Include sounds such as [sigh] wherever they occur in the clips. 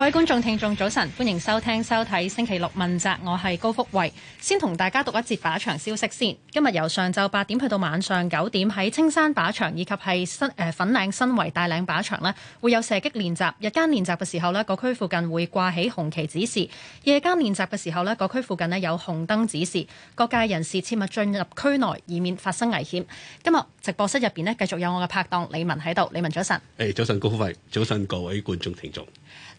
各位觀眾、聽眾，早晨，歡迎收聽、收睇星期六問責，我係高福慧，先同大家讀一節靶場消息先。今日由上晝八點去到晚上九點，喺青山靶場以及係新誒粉嶺新圍大嶺靶場呢，會有射擊練習。日間練習嘅時候呢，個區附近會掛起紅旗指示；夜間練習嘅時候呢，個區附近呢，有紅燈指示。各界人士切勿進入區內，以免發生危險。今日直播室入邊呢，繼續有我嘅拍檔李文喺度。李文早晨，誒、hey, 早晨，高福慧，早晨各位觀眾、聽眾。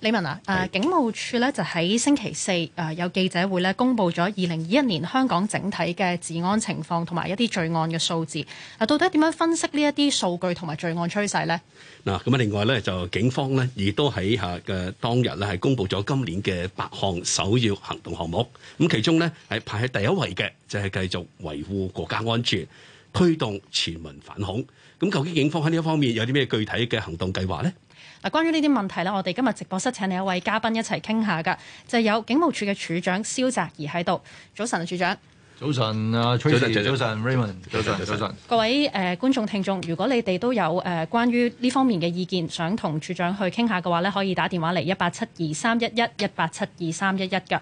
李文啊，誒、啊，警務處咧就喺星期四誒、啊、有記者會咧，公布咗二零二一年香港整體嘅治安情況同埋一啲罪案嘅數字。嗱、啊，到底點樣分析呢一啲數據同埋罪案趨勢呢？嗱，咁啊，另外咧就警方咧亦都喺嚇嘅當日咧係公布咗今年嘅八項首要行動項目。咁其中咧係排喺第一位嘅就係繼續維護國家安全，推動全民反恐。咁究竟警方喺呢一方面有啲咩具體嘅行動計劃呢？嗱，關於呢啲問題咧，我哋今日直播室請嚟一位嘉賓一齊傾下噶，就係、是、有警務處嘅處長蕭澤頤喺度。早晨啊，處長。早晨啊，Tracey 早晨早晨，早晨。早晨。早晨早晨各位誒、呃、觀眾聽眾，如果你哋都有誒、呃、關於呢方面嘅意見，想同處長去傾下嘅話咧，可以打電話嚟一八七二三一一一八七二三一一嘅。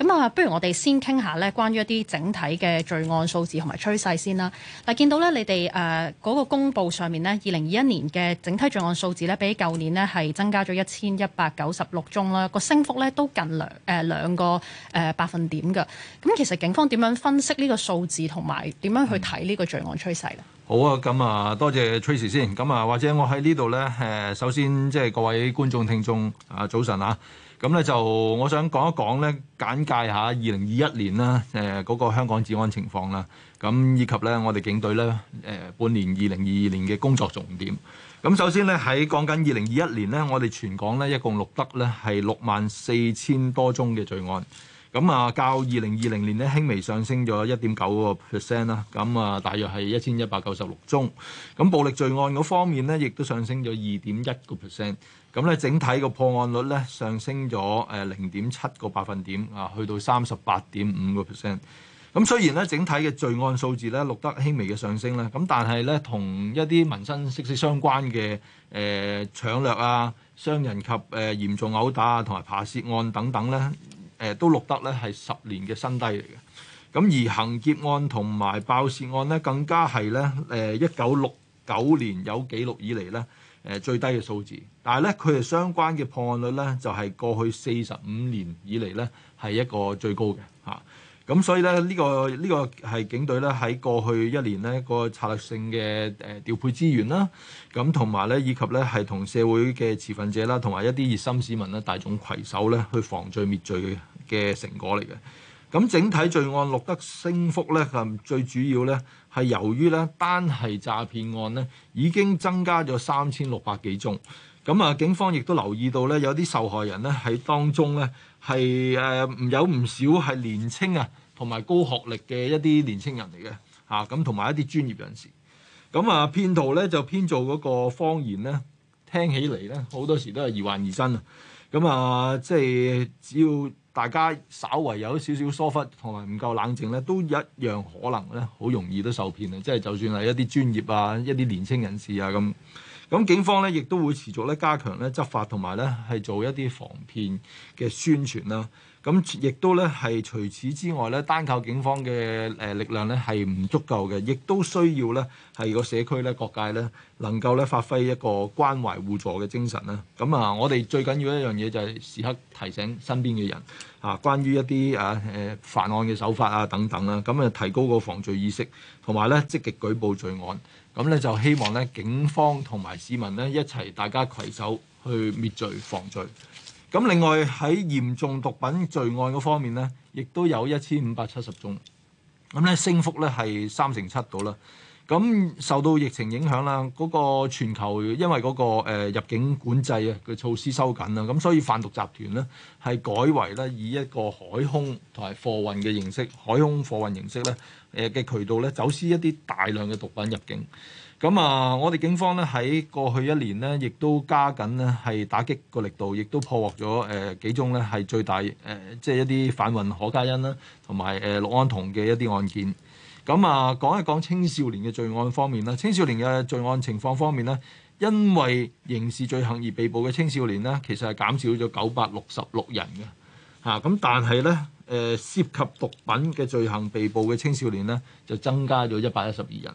咁啊，不如我哋先傾下咧，關於一啲整體嘅罪案數字同埋趨勢先啦。嗱，見到咧，你哋誒嗰個公佈上面呢，二零二一年嘅整體罪案數字咧，比舊年咧係增加咗一千一百九十六宗啦，個升幅咧都近兩誒兩個誒百分點㗎。咁其實警方點樣分析呢個數字同埋點樣去睇呢個罪案趨勢咧、嗯？好啊，咁啊，多謝 Tracy 先。咁啊，或者我喺呢度呢，誒，首先即係、就是、各位觀眾聽眾啊，早晨啊！咁咧就我想講一講咧，簡介下二零二一年啦，誒嗰個香港治安情況啦，咁以及咧我哋警隊咧，誒半年二零二二年嘅工作重點。咁首先咧喺講緊二零二一年咧，我哋全港咧一共錄得咧係六萬四千多宗嘅罪案，咁啊較二零二零年咧輕微上升咗一點九個 percent 啦，咁啊大約係一千一百九十六宗。咁暴力罪案嗰方面咧，亦都上升咗二點一個 percent。咁咧，整體個破案率咧上升咗誒零點七個百分點啊，去到三十八點五個 percent。咁雖然咧，整體嘅罪案數字咧錄得輕微嘅上升咧，咁但係咧同一啲民生息息相關嘅誒搶掠啊、傷人及誒嚴重毆打啊、同埋扒竊案等等咧，誒都錄得咧係十年嘅新低嚟嘅。咁而行劫案同埋爆竊案咧，更加係咧誒一九六九年有記錄以嚟咧，誒最低嘅數字，但係咧佢哋相關嘅破案率咧，就係、是、過去四十五年以嚟咧係一個最高嘅嚇。咁、啊、所以咧呢、這個、這個、呢個係警隊咧喺過去一年咧、這個策略性嘅誒、呃、調配資源啦，咁同埋咧以及咧係同社會嘅持份者啦，同埋一啲熱心市民啦大眾攜手咧去防罪滅罪嘅成果嚟嘅。咁整體罪案錄得升幅咧，最主要咧係由於咧單係詐騙案咧已經增加咗三千六百幾宗。咁啊，警方亦都留意到咧，有啲受害人咧喺當中咧係唔有唔少係年青啊同埋高學歷嘅一啲年青人嚟嘅嚇，咁同埋一啲專業人士。咁啊，騙徒咧就編造嗰個謊言咧，聽起嚟咧好多時都係疑幻疑真啊。咁啊，即係只要，大家稍為有少少疏忽同埋唔夠冷靜咧，都一樣可能咧，好容易都受騙啊！即係就算係一啲專業啊，一啲年輕人士啊咁，咁警方咧亦都會持續咧加強咧執法同埋咧係做一啲防騙嘅宣傳啦。咁亦都咧係除此之外咧，單靠警方嘅誒力量咧係唔足夠嘅，亦都需要咧係個社區咧、各界咧能夠咧發揮一個關懷互助嘅精神啦。咁啊，我哋最緊要一樣嘢就係時刻提醒身邊嘅人啊，關於一啲啊誒犯案嘅手法啊等等啦。咁啊，提高個防罪意識，同埋咧積極舉報罪案。咁咧就希望咧警方同埋市民咧一齊，大家攜手去滅罪防罪。咁另外喺嚴重毒品罪案嗰方面咧，亦都有一千五百七十宗，咁咧升幅咧係三成七度啦。咁受到疫情影響啦，嗰個全球因為嗰個誒入境管制啊嘅措施收緊啦，咁所以販毒集團咧係改為咧以一個海空同埋貨運嘅形式，海空貨運形式咧誒嘅渠道咧走私一啲大量嘅毒品入境。咁啊，我哋警方咧喺過去一年咧，亦都加緊咧係打擊個力度，亦都破獲咗誒、呃、幾宗咧係最大誒、呃，即係一啲販運可卡因啦，呃、安同埋誒氯胺酮嘅一啲案件。咁啊，講一講青少年嘅罪案方面啦，青少年嘅罪案情況方面咧，因為刑事罪行而被捕嘅青少年呢，其實係減少咗九百六十六人嘅嚇。咁、啊、但係咧，誒、呃、涉及毒品嘅罪行被捕嘅青少年咧，就增加咗一百一十二人。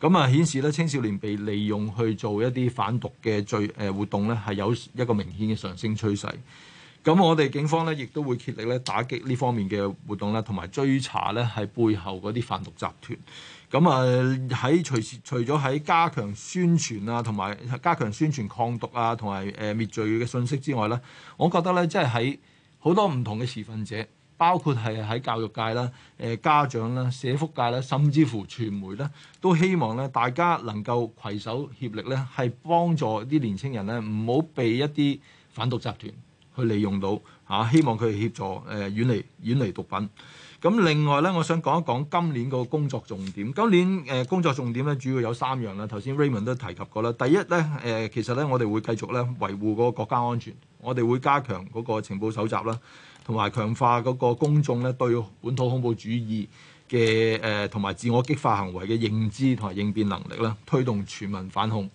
咁啊，顯示咧青少年被利用去做一啲販毒嘅罪誒活動咧，係有一個明顯嘅上升趨勢。咁我哋警方咧亦都會竭力咧打擊呢方面嘅活動啦，同埋追查咧係背後嗰啲販毒集團。咁啊喺隨時除咗喺加強宣傳啊，同埋加強宣傳抗毒啊，同埋誒滅罪嘅信息之外咧，我覺得咧即係喺好多唔同嘅持份者。包括係喺教育界啦、誒家長啦、社福界啦，甚至乎傳媒咧，都希望咧大家能夠攜手協力咧，係幫助啲年青人咧，唔好被一啲販毒集團去利用到嚇。希望佢協助誒遠離遠離毒品。咁另外咧，我想講一講今年個工作重點。今年誒工作重點咧，主要有三樣啦。頭先 Raymond 都提及過啦。第一咧，誒其實咧，我哋會繼續咧維護個國家安全。我哋會加強嗰個情報搜集啦。同埋強化嗰個公眾咧對本土恐怖主義嘅誒同埋自我激化行為嘅認知同埋應變能力啦，推動全民反恐。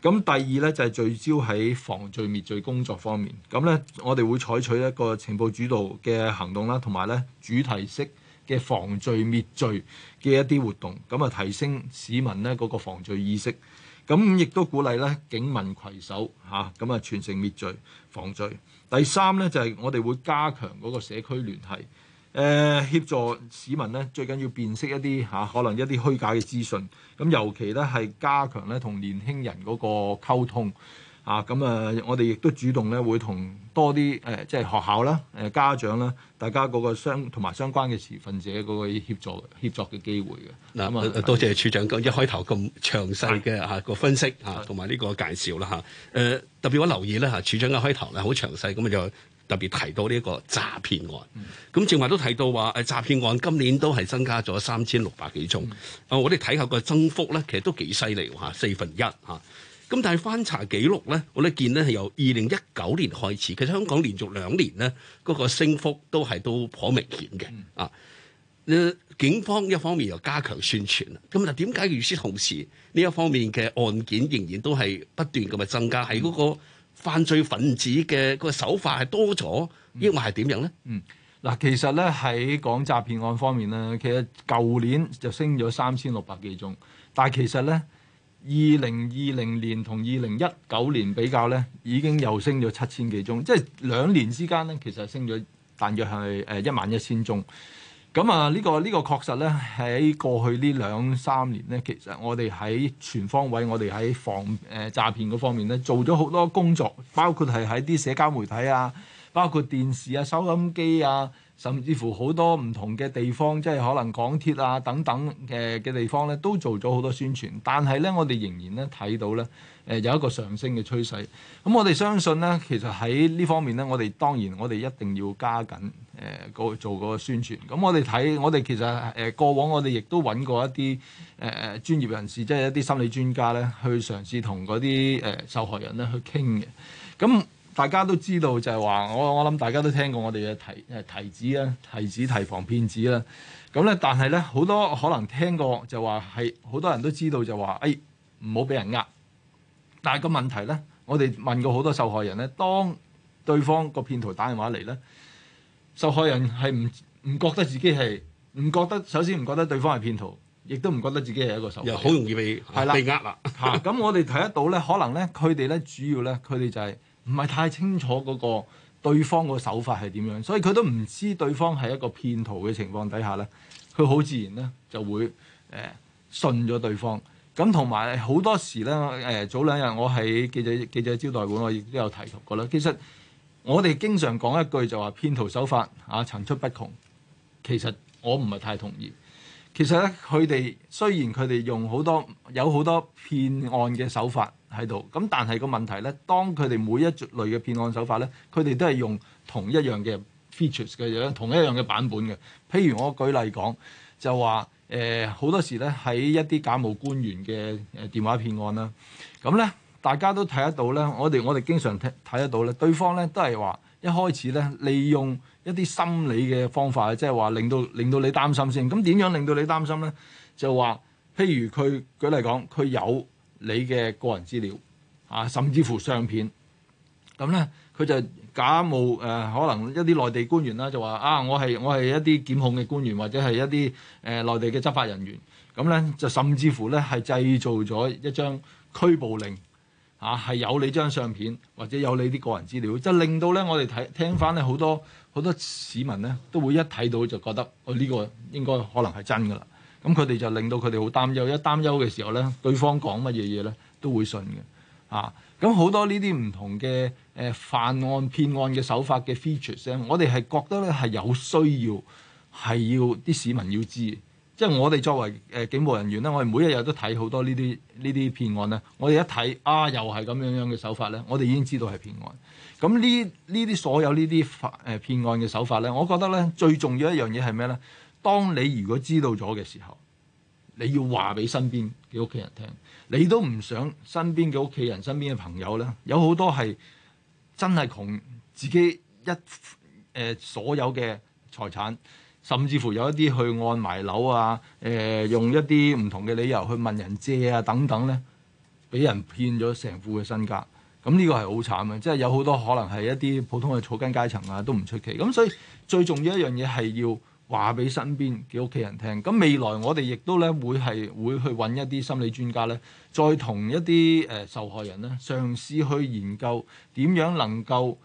咁第二咧就係聚焦喺防罪滅罪工作方面。咁咧我哋會採取一個情報主導嘅行動啦，同埋咧主題式嘅防罪滅罪嘅一啲活動，咁啊提升市民咧嗰個防罪意識。咁亦都鼓勵咧警民攜手嚇，咁啊全城滅罪防罪。第三咧就係、是、我哋會加強嗰個社區聯繫，誒、呃、協助市民咧最緊要辨識一啲嚇、啊、可能一啲虛假嘅資訊，咁、啊、尤其咧係加強咧同年輕人嗰個溝通。啊，咁啊，我哋亦都主動咧，會同多啲誒，即係學校啦、誒、啊、家長啦，大家嗰個相同埋相關嘅持份者嗰個協助協作嘅機會嘅。嗱、啊，啊、多謝處長對一開頭咁詳細嘅嚇個分析嚇，同埋呢個介紹啦嚇。誒、啊、特別我留意咧嚇、啊，處長一開頭咧好詳細，咁、啊、就特別提到呢一個詐騙案。咁正話都提到話誒詐騙案今年都係增加咗三千六百幾宗。嗯嗯、啊，我哋睇下個增幅咧，其實都幾犀利喎嚇，四分一嚇。啊啊啊啊咁但係翻查記錄咧，我咧見咧係由二零一九年開始，其實香港連續兩年咧嗰、那個升幅都係都頗明顯嘅啊！警方一方面又加強宣傳啦，咁嗱點解與此同時呢一方面嘅案件仍然都係不斷咁嘅增加？係嗰、嗯、個犯罪分子嘅個手法係多咗，抑或係點樣咧？嗯，嗱，其實咧喺講詐騙案方面咧，其實舊年就升咗三千六百幾宗，但係其實咧。二零二零年同二零一九年比較咧，已經又升咗七千幾宗，即係兩年之間咧，其實升咗大約係誒一萬一千宗。咁啊，呢個、呢個確實咧，喺過去呢兩三年咧，其實我哋喺全方位，我哋喺防誒、呃、詐騙嗰方面咧，做咗好多工作，包括係喺啲社交媒體啊，包括電視啊、收音機啊。甚至乎好多唔同嘅地方，即係可能港鐵啊等等嘅嘅地方咧，都做咗好多宣傳。但係咧，我哋仍然咧睇到咧，誒、呃、有一個上升嘅趨勢。咁、嗯、我哋相信咧，其實喺呢方面咧，我哋當然我哋一定要加緊誒個、呃、做個宣傳。咁我哋睇，我哋其實誒、呃、過往我哋亦都揾過一啲誒、呃、專業人士，即係一啲心理專家咧，去嘗試同嗰啲誒受害人咧去傾嘅。咁、嗯大家都知道就係、是、話我我諗大家都聽過我哋嘅提誒提子啦，提子提，提防騙子啦。咁咧，但係咧好多可能聽過就話係好多人都知道就話誒唔好俾人呃。但係個問題咧，我哋問過好多受害人咧，當對方個騙徒打電話嚟咧，受害人係唔唔覺得自己係唔覺得首先唔覺得對方係騙徒，亦都唔覺得自己係一個受害人又好容易被係啦的被呃啦嚇。咁、 [laughs] 啊、我哋睇得到咧，可能咧佢哋咧主要咧佢哋就係、是。唔係太清楚嗰個對方個手法係點樣，所以佢都唔知對方係一個騙徒嘅情況底下咧，佢好自然咧就會誒、欸、信咗對方。咁同埋好多時咧誒早兩日我喺記者記者招待會，我亦都有提及過啦。其實我哋經常講一句就話騙徒手法啊層出不窮，其實我唔係太同意。其實咧佢哋雖然佢哋用好多有好多騙案嘅手法。喺度，咁但係個問題咧，當佢哋每一類嘅騙案手法咧，佢哋都係用同一樣嘅 features 嘅嘢，同一樣嘅版本嘅。譬如我舉例講，就話誒好多時咧，喺一啲假冒官員嘅電話騙案啦，咁咧大家都睇得到咧，我哋我哋經常睇睇得到咧，對方咧都係話一開始咧利用一啲心理嘅方法，即係話令到令到你擔心先。咁點樣令到你擔心咧？就話譬如佢舉例講，佢有，你嘅個人資料啊，甚至乎相片，咁呢，佢就假冒誒、呃，可能一啲內地官員啦，就話啊，我係我係一啲檢控嘅官員，或者係一啲誒內地嘅執法人員，咁呢，就甚至乎呢，係製造咗一張拘捕令，啊，係有你張相片，或者有你啲個人資料，即係令到呢，我哋睇聽翻呢好多好多市民呢，都會一睇到就覺得我呢、哦呢個應該可能係真噶啦。咁佢哋就令到佢哋好擔憂，一擔憂嘅時候咧，對方講乜嘢嘢咧，都會信嘅。啊，咁好多呢啲唔同嘅誒、呃、犯案騙案嘅手法嘅 features 咧，啊，我哋係覺得咧係有需要係要啲市民要知。即係我哋作為誒警務人員咧，我哋每一日都睇好多呢啲呢啲騙案咧。我哋一睇啊，又係咁樣樣嘅手法咧，我哋已經知道係騙案。咁呢呢啲所有呢啲誒騙案嘅手法咧，我覺得咧最重要一樣嘢係咩咧？當你如果知道咗嘅時候，你要話俾身邊嘅屋企人聽，你都唔想身邊嘅屋企人、身邊嘅朋友呢，有好多係真係窮自己一誒、呃、所有嘅財產，甚至乎有一啲去按埋樓啊，誒、呃、用一啲唔同嘅理由去問人借啊等等呢，俾人騙咗成副嘅身家，咁呢個係好慘嘅，即係有好多可能係一啲普通嘅草根階層啊，都唔出奇。咁所以最重要一樣嘢係要，話俾身邊嘅屋企人聽，咁未來我哋亦都咧會係會去揾一啲心理專家咧，再同一啲誒受害人咧，嘗試去研究點樣能夠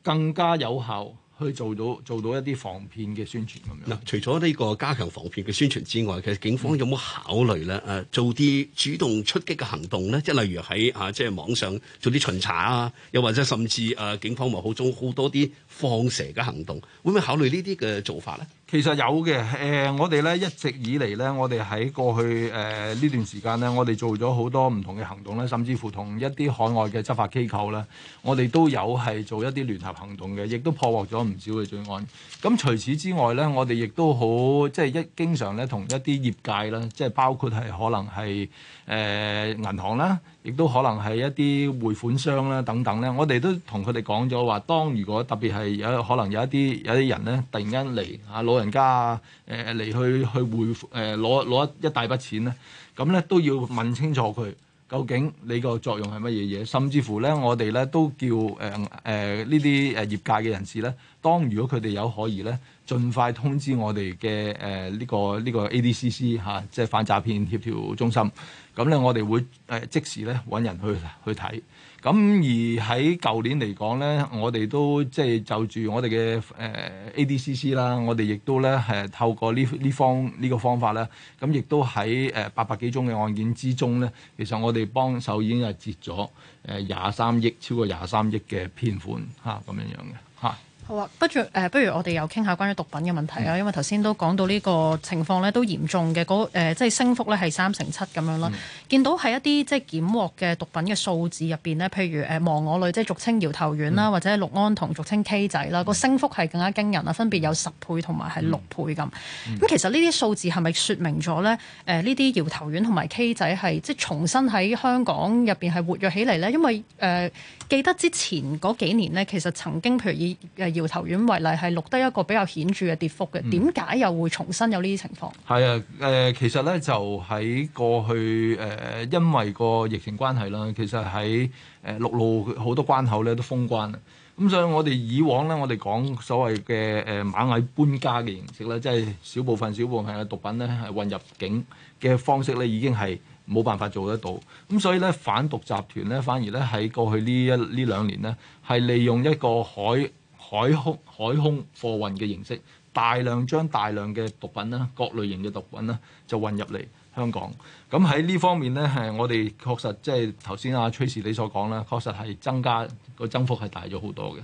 更加有效去做到做到一啲防騙嘅宣傳咁樣。嗱，除咗呢個加強防騙嘅宣傳之外，其實警方有冇考慮咧誒做啲主動出擊嘅行動咧？即係例如喺啊，即係網上做啲巡查啊，又或者甚至誒警方咪好做好多啲放蛇嘅行動，會唔會考慮呢啲嘅做法咧？其實有嘅，誒、呃，我哋咧一直以嚟咧，我哋喺過去誒呢、呃、段時間咧，我哋做咗好多唔同嘅行動咧，甚至乎同一啲海外嘅執法機構咧，我哋都有係做一啲聯合行動嘅，亦都破獲咗唔少嘅罪案。咁除此之外咧，我哋亦都好即係一經常咧，同一啲業界啦，即係包括係可能係誒、呃、銀行啦。亦都可能係一啲匯款商啦，等等咧，我哋都同佢哋講咗話，當如果特別係有可能有一啲有啲人咧，突然間嚟嚇老人家啊，誒、呃、嚟去去匯誒攞攞一一大筆錢咧，咁咧都要問清楚佢究竟你個作用係乜嘢嘢，甚至乎咧，我哋咧都叫誒誒呢啲誒業界嘅人士咧。當如果佢哋有可疑咧，盡快通知我哋嘅誒呢個呢、這個 A.D.C.C. 嚇、啊，即係反詐騙協調中心。咁、啊、咧，我哋會誒、呃、即時咧揾人去去睇。咁、啊、而喺舊年嚟講咧，我哋都即係就住我哋嘅誒、呃、A.D.C.C. 啦，我哋亦都咧係、啊、透過呢呢方呢、這個方法咧，咁、啊、亦都喺誒八百幾宗嘅案件之中咧，其實我哋幫手已經係截咗誒廿三億，超過廿三億嘅騙款嚇咁樣樣嘅嚇。啊啊好啊，不如誒、呃，不如我哋又傾下關於毒品嘅問題啊，因為頭先都講到呢個情況咧，都嚴重嘅，嗰、呃、即係升幅咧係三成七咁樣啦。嗯、見到喺一啲即係檢獲嘅毒品嘅數字入邊呢，譬如誒忘、呃、我類，即係俗稱搖頭丸啦，嗯、或者氯胺酮，俗稱 K 仔啦，個、嗯、升幅係更加驚人啊，分別有十倍同埋係六倍咁。咁、嗯嗯、其實呢啲數字係咪說明咗咧？誒呢啲搖頭丸同埋 K 仔係即係重新喺香港入邊係活躍起嚟咧？因為誒、呃、記得之前嗰幾年呢，其實曾經譬如以搖頭丸為例，係錄得一個比較顯著嘅跌幅嘅。點解又會重新有呢啲情況？係啊、嗯，誒、呃，其實咧就喺過去誒、呃，因為個疫情關係啦，其實喺誒陸路好多關口咧都封關啦。咁所以，我以，我哋以往咧，我哋講所謂嘅誒螞蟻搬家嘅形式咧，即係小部分小部分嘅毒品咧係運入境嘅方式咧，已經係冇辦法做得到。咁所以咧，反毒集團咧反而咧喺過去呢一呢兩年呢，係利用一個海。海空海空貨運嘅形式，大量將大量嘅毒品啦，各類型嘅毒品啦，就運入嚟。香港咁喺呢方面呢，係我哋確實即係頭先阿崔氏你所講啦，確實係增加個增幅係大咗好多嘅。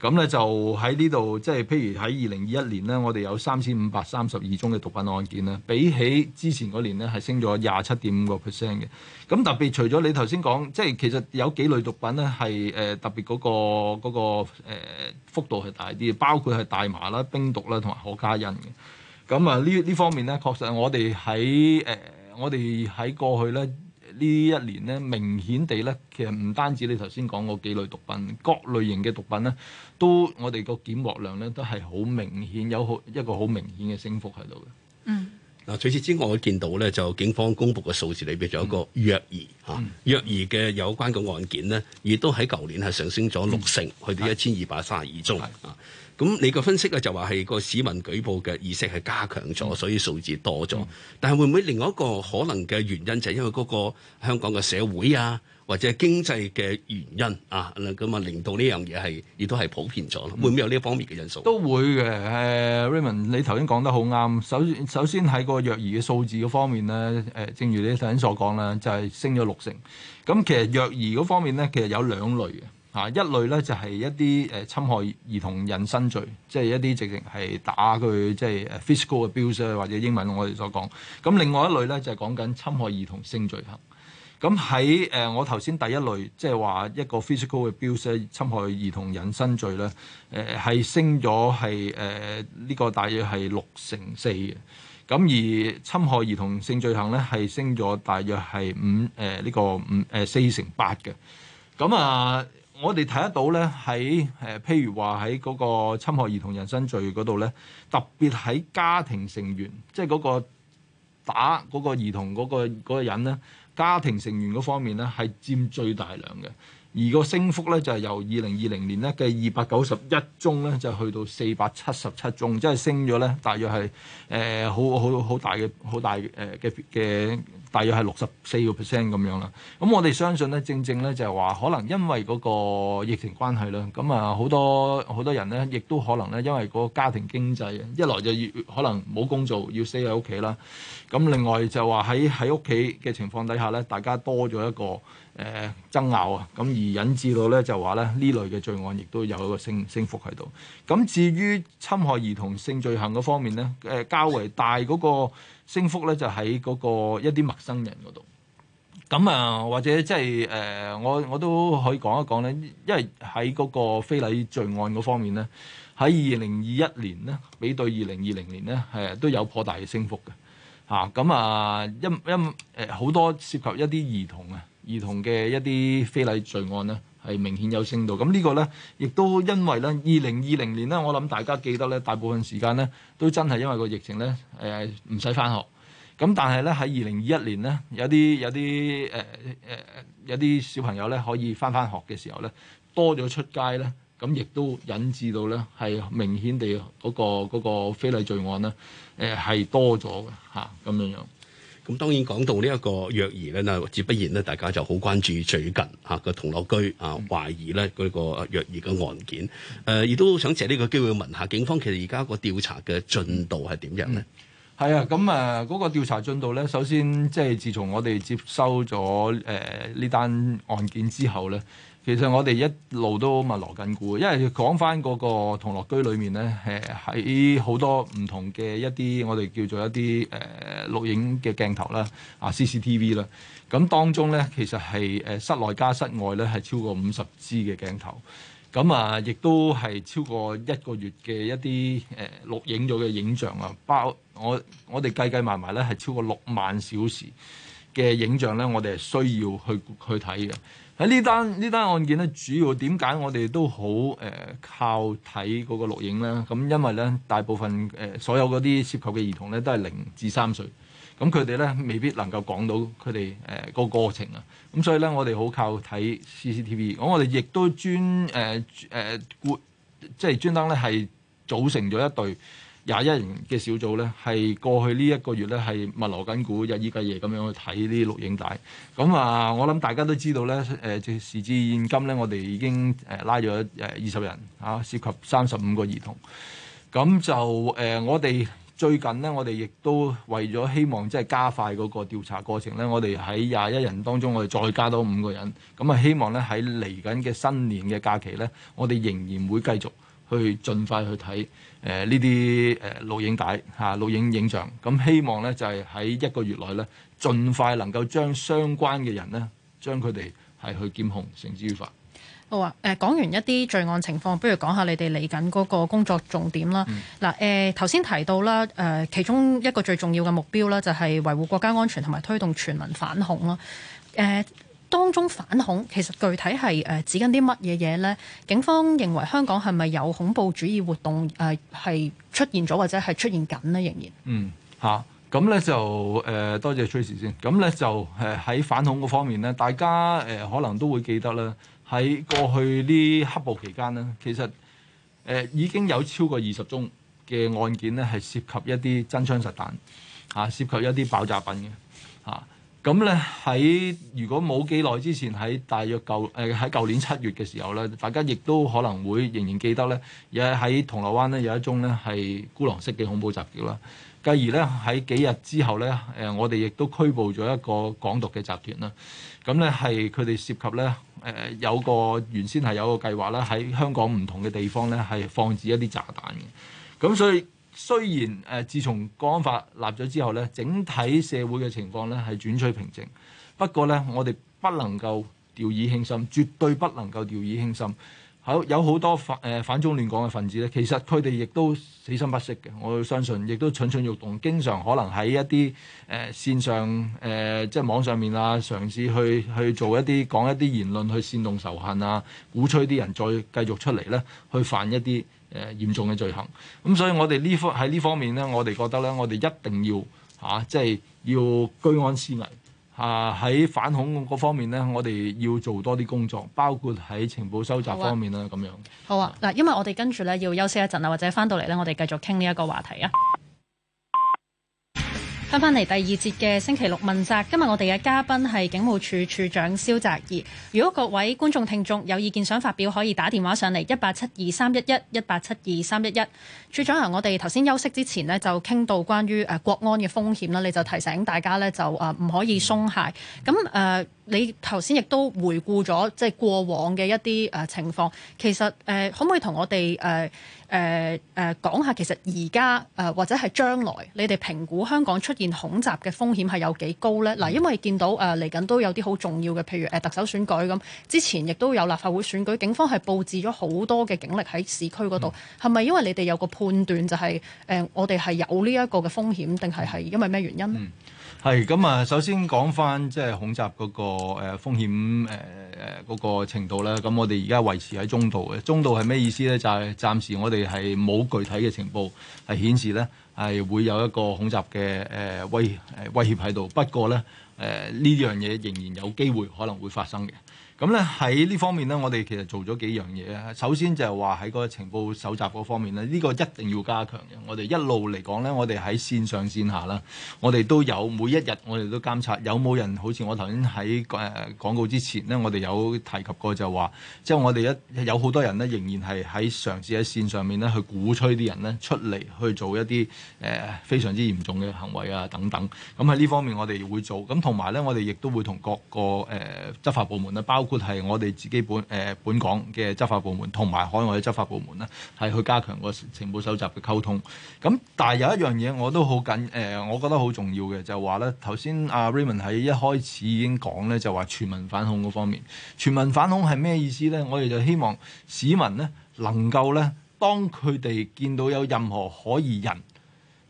咁呢就喺呢度即係譬如喺二零二一年呢，我哋有三千五百三十二宗嘅毒品案件呢，比起之前嗰年呢，係升咗廿七點五個 percent 嘅。咁特別除咗你頭先講，即係其實有幾類毒品呢，係、呃、誒特別嗰個嗰個呃、幅度係大啲，包括係大麻啦、冰毒啦同埋可卡因嘅。咁啊，呢呢方面呢，確實我哋喺誒，我哋喺過去咧呢一年呢，明顯地呢，其實唔單止你頭先講嗰幾類毒品，各類型嘅毒品呢，都我哋個檢獲量呢，都係好明顯有好一個好明顯嘅升幅喺度嘅。嗯。嗱，除此之外，我見到呢，就警方公佈嘅數字裏邊，仲有一個虐兒。嚇，虐兒嘅有關嘅案件呢，亦都喺舊年係上升咗六成，去到一千二百三十二宗啊。咁你個分析啊，就話係個市民舉報嘅意識係加強咗，所以數字多咗。但係會唔會另外一個可能嘅原因，就係因為嗰個香港嘅社會啊，或者經濟嘅原因啊，咁啊令到呢樣嘢係亦都係普遍咗咯。會唔會有呢方面嘅因素？嗯、都會嘅。誒、呃、Raymond，你頭先講得好啱。首先首先喺個虐兒嘅數字嘅方面咧，誒正如你頭先所講啦，就係、是、升咗六成。咁其實虐兒嗰方面咧，其實有兩類嘅。啊，一類咧就係一啲誒侵害兒童人身罪，即係一啲直情係打佢，即係誒 physical abuse 或者英文我哋所講。咁另外一類咧就係講緊侵害兒童性罪行。咁喺誒我頭先第一類，即係話一個 physical abuse 侵害兒童人身罪咧，誒係升咗係誒呢個大約係六成四嘅。咁而侵害兒童性罪行咧係升咗大約係五誒呢個五誒四成八嘅。咁啊～我哋睇得到咧，喺誒譬如話喺嗰個侵害兒童人身罪嗰度咧，特別喺家庭成員，即係嗰個打嗰個兒童嗰個嗰人咧，家庭成員嗰方面咧係佔最大量嘅。而個升幅咧就係由二零二零年咧嘅二百九十一宗咧，就去到四百七十七宗，即係升咗咧，大約係誒好好好大嘅好大誒嘅嘅。呃大約係六十四個 percent 咁樣啦，咁我哋相信咧，正正咧就係話，可能因為嗰個疫情關係啦，咁啊好多好多人咧，亦都可能咧，因為嗰個家庭經濟，一來就要可能冇工做，要 stay 喺屋企啦，咁另外就話喺喺屋企嘅情況底下咧，大家多咗一個。誒、呃、爭拗啊，咁而引致到咧就話咧呢類嘅罪案亦都有一個升升幅喺度。咁至於侵害兒童性罪行嘅方面咧，誒、呃、較為大嗰個升幅咧就喺、是、嗰個一啲陌生人嗰度。咁啊，或者即係誒我我都可以講一講咧，因為喺嗰個非禮罪案嗰方面咧，喺二零二一年咧比對二零二零年咧係都有頗大嘅升幅嘅嚇。咁啊，啊，因因誒好、呃、多涉及一啲兒童啊。兒童嘅一啲非禮罪案咧，係明顯有升度。咁呢個咧，亦都因為咧，二零二零年咧，我諗大家記得咧，大部分時間咧，都真係因為個疫情咧，誒唔使返學。咁但係咧，喺二零二一年咧，有啲有啲誒誒有啲小朋友咧可以返返學嘅時候咧，多咗出街咧，咁亦都引致到咧係明顯地嗰個嗰個非禮罪案咧，誒、呃、係多咗嘅嚇咁樣樣。咁當然講到呢一個虐兒咧，嗱自不然咧，大家就好關注最近嚇個同樂居啊，懷疑咧嗰個虐兒嘅案件，誒亦、嗯呃、都想借呢個機會問下警方，其實而家個調查嘅進度係點樣咧？係、嗯、啊，咁啊嗰個調查進度咧，首先即係自從我哋接收咗誒呢單案件之後咧。其實我哋一路都密鑼緊鼓，因為講返嗰個同樂居裏面咧，誒喺好多唔同嘅一啲我哋叫做一啲誒、呃、錄影嘅鏡頭啦，啊 CCTV 啦，咁當中咧其實係誒室內加室外咧係超過五十支嘅鏡頭，咁啊亦都係超過一個月嘅一啲誒、呃、錄影咗嘅影像啊，包我我哋計計埋埋咧係超過六萬小時嘅影像咧，我哋係需要去去睇嘅。喺呢單呢單案件咧，主要點解我哋都好誒、呃、靠睇嗰個錄影咧？咁、嗯、因為咧，大部分誒、呃、所有嗰啲涉及嘅兒童咧，都係零至三歲，咁佢哋咧未必能夠講到佢哋誒個過程啊。咁所以咧，我哋好靠睇 CCTV。咁我哋亦都專誒誒顧，即係專登咧係組成咗一隊。廿一人嘅小組呢，係過去呢一個月呢，係密鑼緊鼓日以繼夜咁樣去睇呢啲錄影帶。咁啊，我諗大家都知道呢，誒、呃、時至現今呢，我哋已經誒拉咗誒二十人啊，涉及三十五個兒童。咁就誒、呃，我哋最近呢，我哋亦都為咗希望即係加快嗰個調查過程呢，我哋喺廿一人當中，我哋再加多五個人。咁啊，希望呢，喺嚟緊嘅新年嘅假期呢，我哋仍然會繼續去盡快去睇。誒呢啲誒錄影帶嚇錄影影像，咁希望呢就係、是、喺一個月內呢，盡快能夠將相關嘅人呢，將佢哋係去檢控，繩之於法。好啊，誒、呃、講完一啲罪案情況，不如講下你哋嚟緊嗰個工作重點啦。嗱、嗯，誒頭先提到啦，誒、呃、其中一個最重要嘅目標呢，就係維護國家安全同埋推動全民反恐咯，誒、呃。當中反恐其實具體係誒指緊啲乜嘢嘢呢？警方認為香港係咪有恐怖主義活動誒係、呃、出現咗或者係出現緊呢？仍然嗯吓咁呢就誒、呃、多謝 Tracy 先，咁呢就誒喺、呃、反恐嗰方面呢，大家誒、呃、可能都會記得啦。喺過去呢，黑暴期間呢，其實誒、呃、已經有超過二十宗嘅案件呢，係涉及一啲真槍實彈吓、啊，涉及一啲爆炸品嘅吓。啊咁咧喺如果冇幾耐之前喺大約舊誒喺舊年七月嘅時候咧，大家亦都可能會仍然記得咧，也喺銅鑼灣咧有一宗咧係孤狼式嘅恐怖襲擊啦。繼而咧喺幾日之後咧，誒、呃、我哋亦都拘捕咗一個港獨嘅集團啦。咁咧係佢哋涉及咧誒、呃、有個原先係有個計劃咧喺香港唔同嘅地方咧係放置一啲炸彈嘅。咁所以。雖然誒、呃，自從《國安法》立咗之後咧，整體社會嘅情況咧係轉趨平靜。不過咧，我哋不能夠掉以輕心，絕對不能夠掉以輕心。好有好多反誒、呃、反中亂港嘅分子咧，其實佢哋亦都死心不息嘅。我相信亦都蠢蠢欲動，經常可能喺一啲誒、呃、線上誒、呃、即係網上面啊，嘗試去去做一啲講一啲言論去煽動仇恨啊，鼓吹啲人再繼續出嚟咧去犯一啲。誒嚴重嘅罪行，咁、嗯、所以我哋呢方喺呢方面呢，我哋覺得呢，我哋一定要嚇、啊，即係要居安思危嚇。喺、啊、反恐嗰方面呢，我哋要做多啲工作，包括喺情報收集方面啦，咁樣。好啊，嗱，因為我哋跟住呢，要休息一陣啊，或者翻到嚟呢，我哋繼續傾呢一個話題啊。翻翻嚟第二節嘅星期六問責，今日我哋嘅嘉賓係警務處處長蕭澤頤。如果各位觀眾聽眾有意見想發表，可以打電話上嚟一八七二三一一一八七二三一一。處長啊，我哋頭先休息之前呢，就傾到關於誒國安嘅風險啦，你就提醒大家咧就誒唔可以鬆懈。咁誒。呃你頭先亦都回顧咗即係過往嘅一啲誒情況，其實誒、呃、可唔可以同我哋誒誒誒講下，其實而家誒或者係將來，你哋評估香港出現恐襲嘅風險係有幾高呢？嗱、呃，因為見到誒嚟緊都有啲好重要嘅，譬如誒、呃、特首選舉咁，之前亦都有立法會選舉，警方係佈置咗好多嘅警力喺市區嗰度，係咪、嗯、因為你哋有個判斷就係、是、誒、呃、我哋係有呢一個嘅風險，定係係因為咩原因呢？嗯係咁啊，首先講返即係恐襲嗰個誒風險誒誒嗰個程度啦。咁我哋而家維持喺中度嘅，中度係咩意思咧？就係、是、暫時我哋係冇具體嘅情報係顯示咧係會有一個恐襲嘅誒威誒威脅喺度。不過咧誒呢樣嘢、呃、仍然有機會可能會發生嘅。咁咧喺呢方面咧，我哋其實做咗幾樣嘢啊。首先就係話，喺個情報搜集方面咧，呢個一定要加強嘅。我哋一路嚟講咧，我哋喺線上線下啦，我哋都有每一日我哋都監察有冇人好似我頭先喺誒廣告之前咧，我哋有提及過就係話即係我哋一有好多人咧，仍然係喺嘗試喺線上面咧去鼓吹啲人咧出嚟去做一啲誒、呃、非常之嚴重嘅行為啊等等。咁喺呢方面我哋會做，咁同埋咧我哋亦都會同各個誒執法部門咧包。包括係我哋自己本誒、呃、本港嘅執法部門，同埋海外嘅執法部門咧，係去加強個情報搜集嘅溝通。咁但係有一樣嘢，我都好緊誒，我覺得好重要嘅就係話咧，頭先阿 Raymond 喺一開始已經講咧，就話全民反恐嗰方面，全民反恐係咩意思咧？我哋就希望市民咧能夠咧，當佢哋見到有任何可疑人、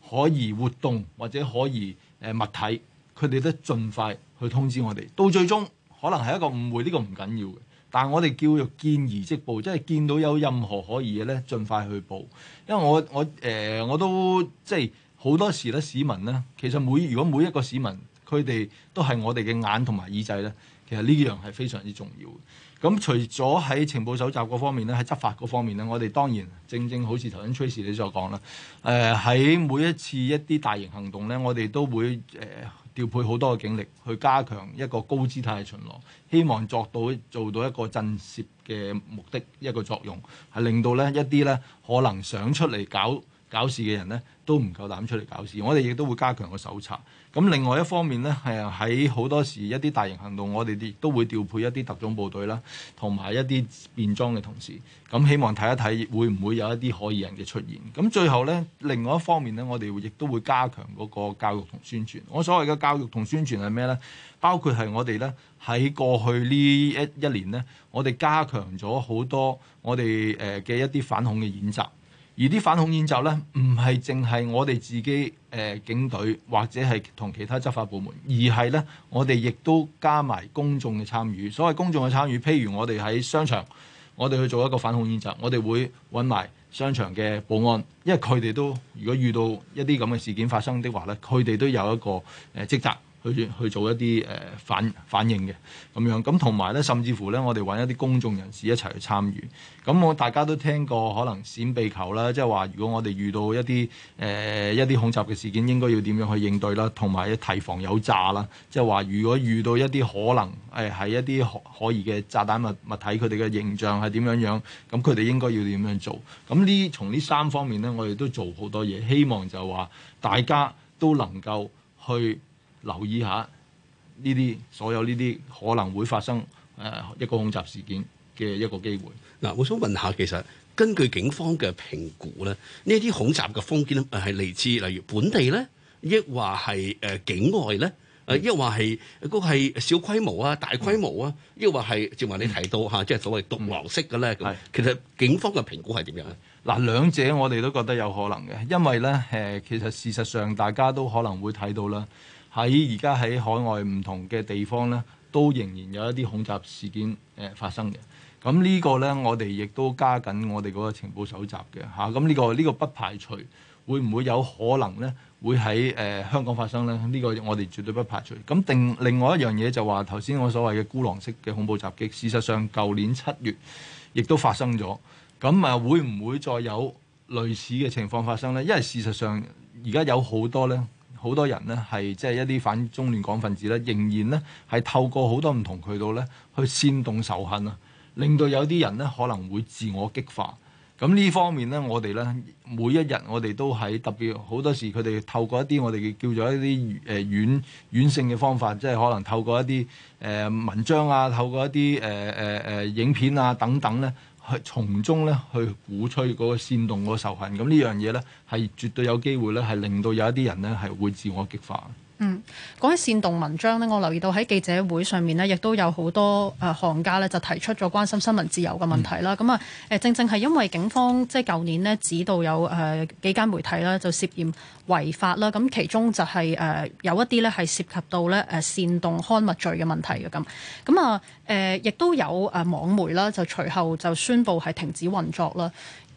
可疑活動或者可疑誒物體，佢哋都盡快去通知我哋，到最終。可能係一個誤會，呢、這個唔緊要嘅。但係我哋叫做見而即報，即係見到有任何可疑嘅咧，盡快去報。因為我我誒、呃、我都即係好多時咧，市民咧，其實每如果每一個市民，佢哋都係我哋嘅眼同埋耳仔咧，其實呢樣係非常之重要嘅。咁除咗喺情報搜集嗰方面咧，喺執法嗰方面咧，我哋當然正正好似頭先崔 r 你所講啦，誒、呃、喺每一次一啲大型行動咧，我哋都會誒。呃調配好多嘅警力去加強一個高姿態嘅巡邏，希望做到做到一個震懾嘅目的，一個作用係令到咧一啲咧可能想出嚟搞。搞事嘅人咧都唔夠膽出嚟搞事，我哋亦都會加強個搜查。咁另外一方面咧，係喺好多時一啲大型行動，我哋亦都會調配一啲特種部隊啦，同埋一啲變裝嘅同事。咁希望睇一睇會唔會有一啲可疑人嘅出現。咁最後咧，另外一方面咧，我哋亦都會加強嗰個教育同宣傳。我所謂嘅教育同宣傳係咩咧？包括係我哋咧喺過去呢一一年咧，我哋加強咗好多我哋誒嘅一啲反恐嘅演習。而啲反恐演習咧，唔係淨係我哋自己誒、呃、警隊或者係同其他執法部門，而係咧我哋亦都加埋公眾嘅參與。所謂公眾嘅參與，譬如我哋喺商場，我哋去做一個反恐演習，我哋會揾埋商場嘅保安，因為佢哋都如果遇到一啲咁嘅事件發生的話咧，佢哋都有一個誒、呃、職責。去去做一啲誒、呃、反反應嘅咁樣，咁同埋咧，甚至乎咧，我哋搵一啲公眾人士一齊去參與。咁我大家都聽過，可能閃避球啦，即係話如果我哋遇到一啲誒、呃、一啲恐襲嘅事件，應該要點樣去應對啦？同埋提防有炸啦，即係話如果遇到一啲可能誒係、哎、一啲可疑嘅炸彈物物體，佢哋嘅形象係點樣樣？咁佢哋應該要點樣做？咁呢？從呢三方面咧，我哋都做好多嘢，希望就話大家都能夠去。留意下呢啲所有呢啲可能會發生誒一個恐襲事件嘅一個機會。嗱、嗯，我想問下，其實根據警方嘅評估咧，呢啲恐襲嘅風險係嚟自例如本地咧，抑或係誒境外咧，誒亦或係嗰個係小規模啊、大規模啊，抑或係正如你提到嚇，即係所謂獨狼式嘅咧。嗯、其實警方嘅評估係點樣咧？嗱、嗯，兩者我哋都覺得有可能嘅，因為咧誒，其實事實上大家都可能會睇到啦。喺而家喺海外唔同嘅地方咧，都仍然有一啲恐襲事件誒、呃、發生嘅。咁呢個咧，我哋亦都加緊我哋嗰個情報搜集嘅嚇。咁、啊、呢、呢個呢、呢個不排除會唔會有可能咧，會喺誒、呃、香港發生咧？呢、呢個我哋絕對不排除。咁另另外一樣嘢就話頭先我所謂嘅孤狼式嘅恐怖襲擊，事實上舊年七月亦都發生咗。咁啊，會唔會再有類似嘅情況發生咧？因為事實上而家有好多咧。好多人呢，係即係一啲反中亂港分子咧，仍然呢係透過好多唔同渠道呢去煽動仇恨啊，令到有啲人呢可能會自我激化。咁呢方面呢，我哋呢每一日我哋都喺特別好多時，佢哋透過一啲我哋叫做一啲誒軟軟性嘅方法，即係可能透過一啲誒、呃、文章啊，透過一啲誒誒誒影片啊等等呢。係從中咧去鼓吹嗰個煽動嗰個仇恨，咁呢樣嘢咧係絕對有機會咧係令到有一啲人咧係會自我激化。嗯，講起煽動文章咧，我留意到喺記者會上面咧，亦都有好多誒、呃、行家咧就提出咗關心新聞自由嘅問題啦。咁啊誒，正正係因為警方即係舊年咧指導有誒、呃、幾間媒體咧就涉嫌違法啦。咁其中就係、是、誒、呃、有一啲咧係涉及到咧誒、呃、煽動刊物罪嘅問題嘅咁。咁啊誒，亦、呃、都有誒、呃、網媒啦，就隨後就宣布係停止運作啦。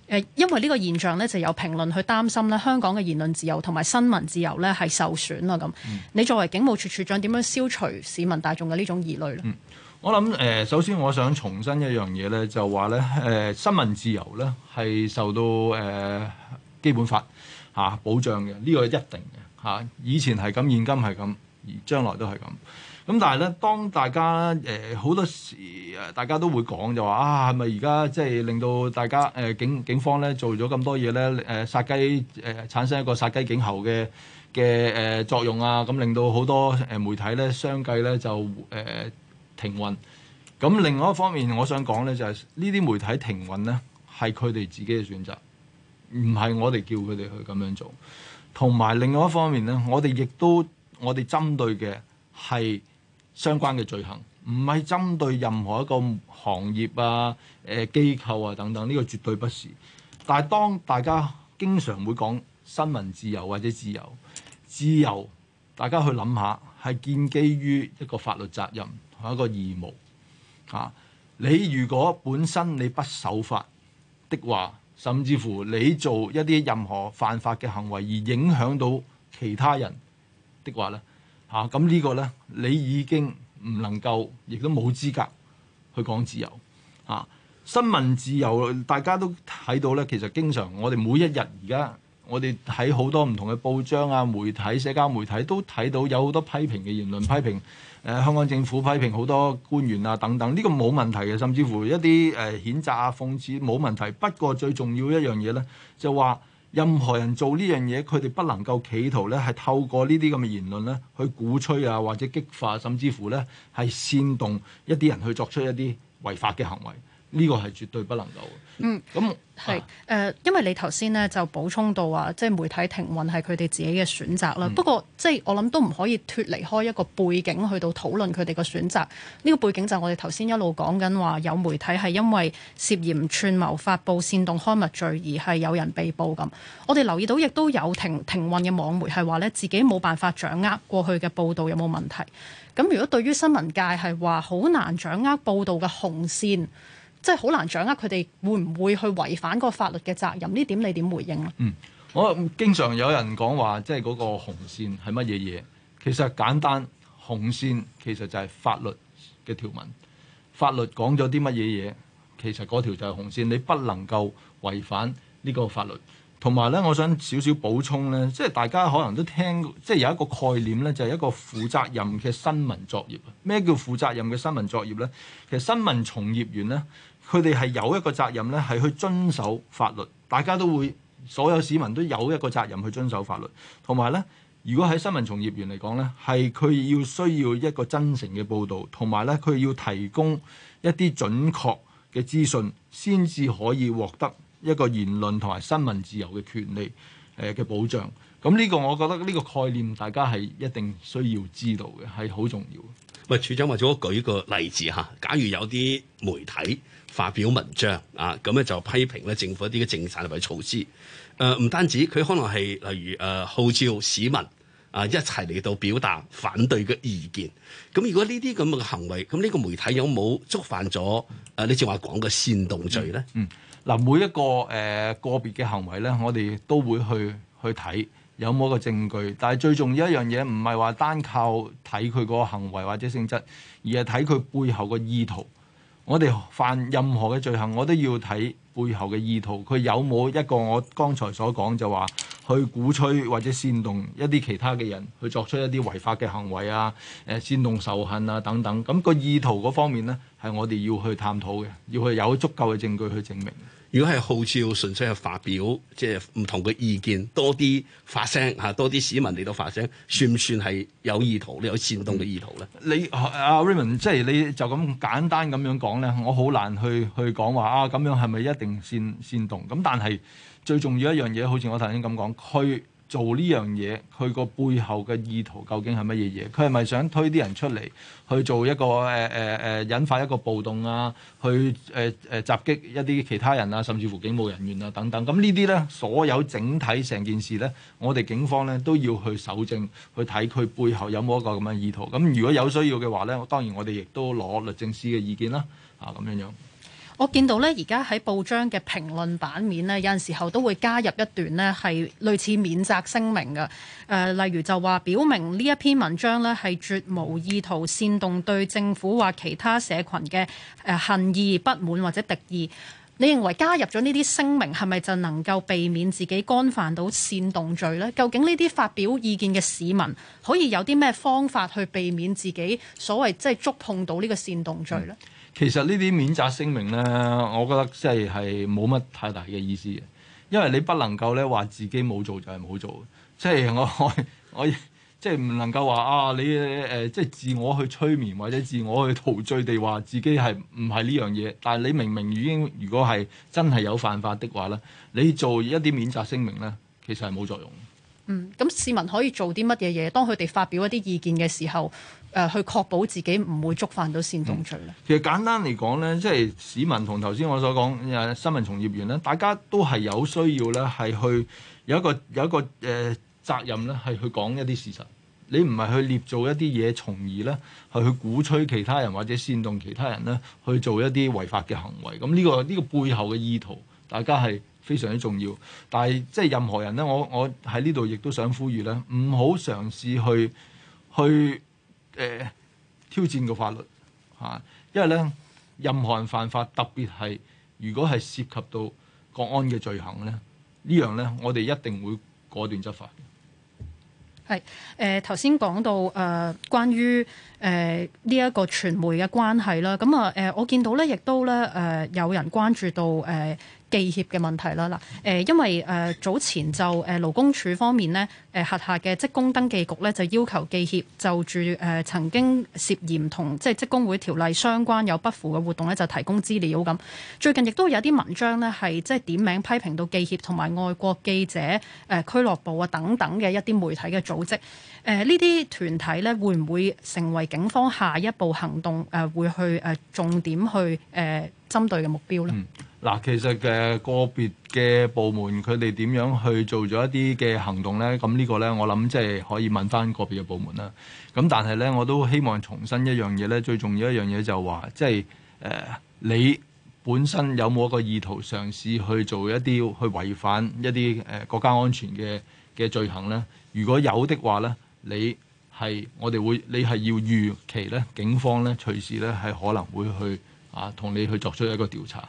誒，因為呢個現象呢就有評論去擔心呢香港嘅言論自由同埋新聞自由呢係受損咯。咁，你作為警務處處長，點樣消除市民大眾嘅呢種疑慮咧、嗯？我諗誒、呃，首先我想重申一樣嘢呢就話呢誒，新聞自由呢係受到誒、呃、基本法嚇、啊、保障嘅，呢、呢個一定嘅嚇、啊，以前係咁，現今係咁，而將來都係咁。咁但係咧，當大家誒好、呃、多時，大家都會講就話啊，係咪而家即係令到大家誒、呃、警警方咧做咗咁多嘢咧誒殺雞誒、呃、產生一個殺雞儆猴嘅嘅誒作用啊？咁令到好多誒媒體咧相繼咧就誒、呃、停運。咁另外一方面，我想講咧就係呢啲媒體停運咧係佢哋自己嘅選擇，唔係我哋叫佢哋去咁樣做。同埋另外一方面咧，我哋亦都我哋針對嘅係，相關嘅罪行，唔係針對任何一個行業啊、誒、呃、機構啊等等，呢、這個絕對不是。但係當大家經常會講新聞自由或者自由，自由大家去諗下，係建基於一個法律責任同一個義務。嚇、啊，你如果本身你不守法的話，甚至乎你做一啲任何犯法嘅行為而影響到其他人的話呢。嚇！咁呢、啊、個呢，你已經唔能夠，亦都冇資格去講自由。嚇、啊！新聞自由，大家都睇到呢，其實經常，我哋每一日而家，我哋睇好多唔同嘅報章啊、媒體、社交媒體都睇到有好多批評嘅言論，批評誒、呃、香港政府，批評好多官員啊等等。呢、呢個冇問題嘅，甚至乎一啲誒、呃、譴責啊、諷刺冇問題。不過最重要一樣嘢呢，就話。任何人做呢樣嘢，佢哋不能夠企圖咧，係透過呢啲咁嘅言論咧，去鼓吹啊，或者激化，甚至乎咧係煽動一啲人去作出一啲違法嘅行為，呢個係絕對不能夠。嗯，咁係，誒、呃，因為你頭先咧就補充到話，即係媒體停運係佢哋自己嘅選擇啦。嗯、不過，即係我諗都唔可以脫離開一個背景去到討論佢哋嘅選擇。呢、這個背景就係我哋頭先一路講緊話，有媒體係因為涉嫌串謀發布煽動刊物罪而係有人被捕咁。我哋留意到亦都有停停運嘅網媒係話咧，自己冇辦法掌握過去嘅報道有冇問題。咁如果對於新聞界係話好難掌握報道嘅紅線。即係好難掌握佢哋會唔會去違反個法律嘅責任，呢點你點回應啊？嗯，我經常有人講話，即係嗰個紅線係乜嘢嘢？其實簡單，紅線其實就係法律嘅條文，法律講咗啲乜嘢嘢，其實嗰條就係紅線，你不能夠違反呢個法律。同埋咧，我想少少補充咧，即係大家可能都聽過，即係有一個概念咧，就係一個負責任嘅新聞作業。咩叫負責任嘅新聞作業咧？其實新聞從業員咧。佢哋係有一個責任咧，係去遵守法律。大家都會，所有市民都有一個責任去遵守法律。同埋咧，如果喺新聞從業員嚟講咧，係佢要需要一個真誠嘅報導，同埋咧佢要提供一啲準確嘅資訊，先至可以獲得一個言論同埋新聞自由嘅權利誒嘅保障。咁呢個我覺得呢個概念，大家係一定需要知道嘅，係好重要。喂，係處長，或者我舉個例子吓。假如有啲媒體。發表文章啊，咁咧就批評咧政府一啲嘅政策同埋措施。誒、啊、唔單止，佢可能係例如誒、啊、號召市民啊一齊嚟到表達反對嘅意見。咁、啊、如果呢啲咁嘅行為，咁呢個媒體有冇觸犯咗誒、啊、你正話講嘅煽動罪咧？嗯，嗱，每一個誒、呃、個別嘅行為咧，我哋都會去去睇有冇一個證據。但係最重要一樣嘢，唔係話單靠睇佢個行為或者性質，而係睇佢背後個意圖。我哋犯任何嘅罪行，我都要睇背後嘅意圖，佢有冇一個我剛才所講就話去鼓吹或者煽動一啲其他嘅人去作出一啲違法嘅行為啊？誒，煽動仇恨啊等等，咁個意圖嗰方面咧，係我哋要去探討嘅，要去有足夠嘅證據去證明。如果係號召，純粹係發表，即係唔同嘅意見，多啲發聲吓，多啲市民嚟到發聲，算唔算係有意圖？你有煽動嘅意圖咧、嗯？你阿、啊、Raymond 即係你就咁簡單咁樣講咧，我好難去去講話啊！咁樣係咪一定煽煽動？咁但係最重要一樣嘢，好似我頭先咁講，去做呢樣嘢，佢個背後嘅意圖究竟係乜嘢嘢？佢係咪想推啲人出嚟去做一個誒誒誒引發一個暴動啊？去誒誒、呃呃、襲擊一啲其他人啊，甚至乎警務人員啊等等。咁呢啲呢，所有整體成件事呢，我哋警方呢都要去搜證，去睇佢背後有冇一個咁嘅意圖。咁、嗯、如果有需要嘅話呢，當然我哋亦都攞律政司嘅意見啦。啊，咁樣樣。我見到呢，而家喺報章嘅評論版面呢，有陣時候都會加入一段呢係類似免責聲明嘅。誒、呃，例如就話表明呢一篇文章呢係絕無意圖煽動對政府或其他社群嘅誒恨意、不滿或者敵意。你認為加入咗呢啲聲明，係咪就能夠避免自己干犯到煽動罪呢？究竟呢啲發表意見嘅市民可以有啲咩方法去避免自己所謂即係觸碰到呢個煽動罪呢？嗯其實呢啲免責聲明呢，我覺得即係係冇乜太大嘅意思嘅，因為你不能夠呢話自己冇做就係冇做，即係我我即係唔能夠話啊你誒即係自我去催眠或者自我去陶醉地話自己係唔係呢樣嘢，但係你明明已經如果係真係有犯法的話呢，你做一啲免責聲明呢，其實係冇作用。嗯，咁市民可以做啲乜嘢嘢？當佢哋發表一啲意見嘅時候。誒、呃、去確保自己唔會觸犯到煽動罪咧、嗯。其實簡單嚟講咧，即係市民同頭先我所講新聞從業員咧，大家都係有需要咧，係去有一個有一個誒、呃、責任咧，係去講一啲事實。你唔係去捏造一啲嘢，從而咧係去鼓吹其他人或者煽動其他人咧去做一啲違法嘅行為。咁呢個呢個背後嘅意圖，大家係非常之重要。但係即係任何人咧，我我喺呢度亦都想呼籲咧，唔好嘗試去去誒挑戰個法律嚇，因為咧任何人犯法，特別係如果係涉及到國安嘅罪行咧，呢樣咧我哋一定會果斷執法。係誒頭先講到誒、呃、關於誒呢一個傳媒嘅關係啦，咁啊誒我見到咧亦都咧誒、呃、有人關注到誒。呃記協嘅問題啦，嗱，誒，因為誒、呃、早前就誒、呃、勞工處方面呢，誒、呃、轄下嘅職工登記局呢，就要求記協就住誒、呃、曾經涉嫌同即係職工會條例相關有不符嘅活動呢，就提供資料咁。最近亦都有啲文章呢，係即係點名批評到記協同埋外國記者誒、呃、俱樂部啊等等嘅一啲媒體嘅組織。誒呢啲團體呢，會唔會成為警方下一步行動誒、呃、會去誒、呃、重點去誒、呃、針對嘅目標呢？嗯嗱，其實嘅個別嘅部門佢哋點樣去做咗一啲嘅行動咧？咁呢個咧，我諗即係可以問翻個別嘅部門啦。咁但係咧，我都希望重申一樣嘢咧，最重要一樣嘢就係話即係誒、呃、你本身有冇一個意圖嘗試去做一啲去違反一啲誒國家安全嘅嘅罪行咧？如果有的話咧，你係我哋會你係要預期咧，警方咧隨時咧係可能會去啊同你去作出一個調查。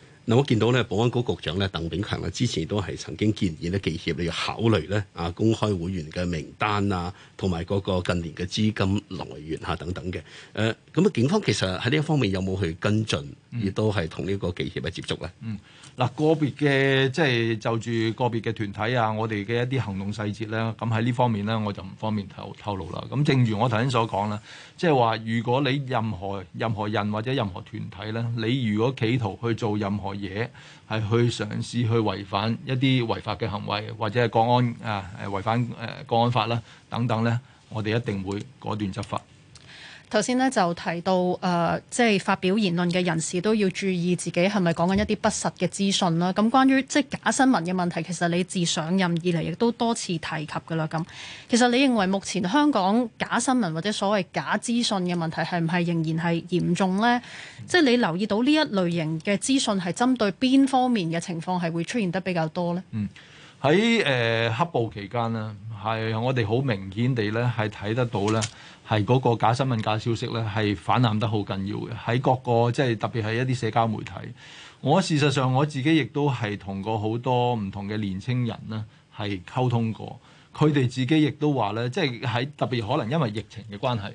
嗱，我見到咧，保安局局長咧，鄧炳強咧，之前都係曾經建議咧，記協你要考慮咧，啊，公開會員嘅名單啊，同埋嗰個近年嘅資金來源嚇等等嘅。誒，咁啊，警方其實喺呢一方面有冇去跟進，亦都係同呢個記協嘅接觸咧、嗯？嗯，嗱，個別嘅即係就住、是、個別嘅團體啊，我哋嘅一啲行動細節咧，咁喺呢方面咧，我就唔方便透透露啦。咁正如我頭先所講啦，即係話，如果你任何任何人或者任何團體咧，你如果企圖去做任何嘢係去嘗試去違反一啲違法嘅行為，或者係國安啊，違、啊、反誒、啊、國安法啦等等咧，我哋一定會果斷執法。頭先咧就提到誒、呃，即係發表言論嘅人士都要注意自己係咪講緊一啲不實嘅資訊啦。咁、啊、關於即係假新聞嘅問題，其實你自上任以嚟亦都多次提及嘅啦。咁其實你認為目前香港假新聞或者所謂假資訊嘅問題，係唔係仍然係嚴重咧？嗯、即係你留意到呢一類型嘅資訊，係針對邊方面嘅情況，係會出現得比較多咧？嗯，喺誒、呃、黑暴期間咧，係我哋好明顯地咧係睇得到咧。係嗰個假新聞、假消息咧，係氾濫得好緊要嘅。喺各個即係特別係一啲社交媒體，我事實上我自己亦都係同過好多唔同嘅年青人呢係溝通過。佢哋自己亦都話咧，即係喺特別可能因為疫情嘅關係，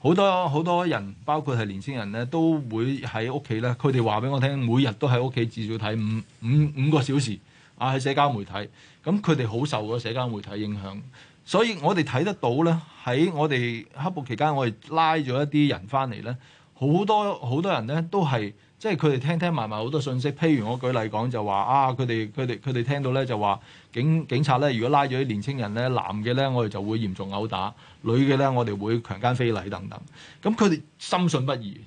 好多好多人，包括係年青人咧，都會喺屋企咧。佢哋話俾我聽，每日都喺屋企至少睇五五五個小時啊，喺社交媒體。咁佢哋好受咗社交媒體影響。所以我哋睇得到咧，喺我哋黑暴期間，我哋拉咗一啲人翻嚟咧，好多好多人咧都係即係佢哋聽聽埋埋好多信息。譬如我舉例講就話啊，佢哋佢哋佢哋聽到咧就話警警察咧，如果拉咗啲年輕人咧，男嘅咧我哋就會嚴重毆打，女嘅咧我哋會強姦非禮等等。咁佢哋深信不疑，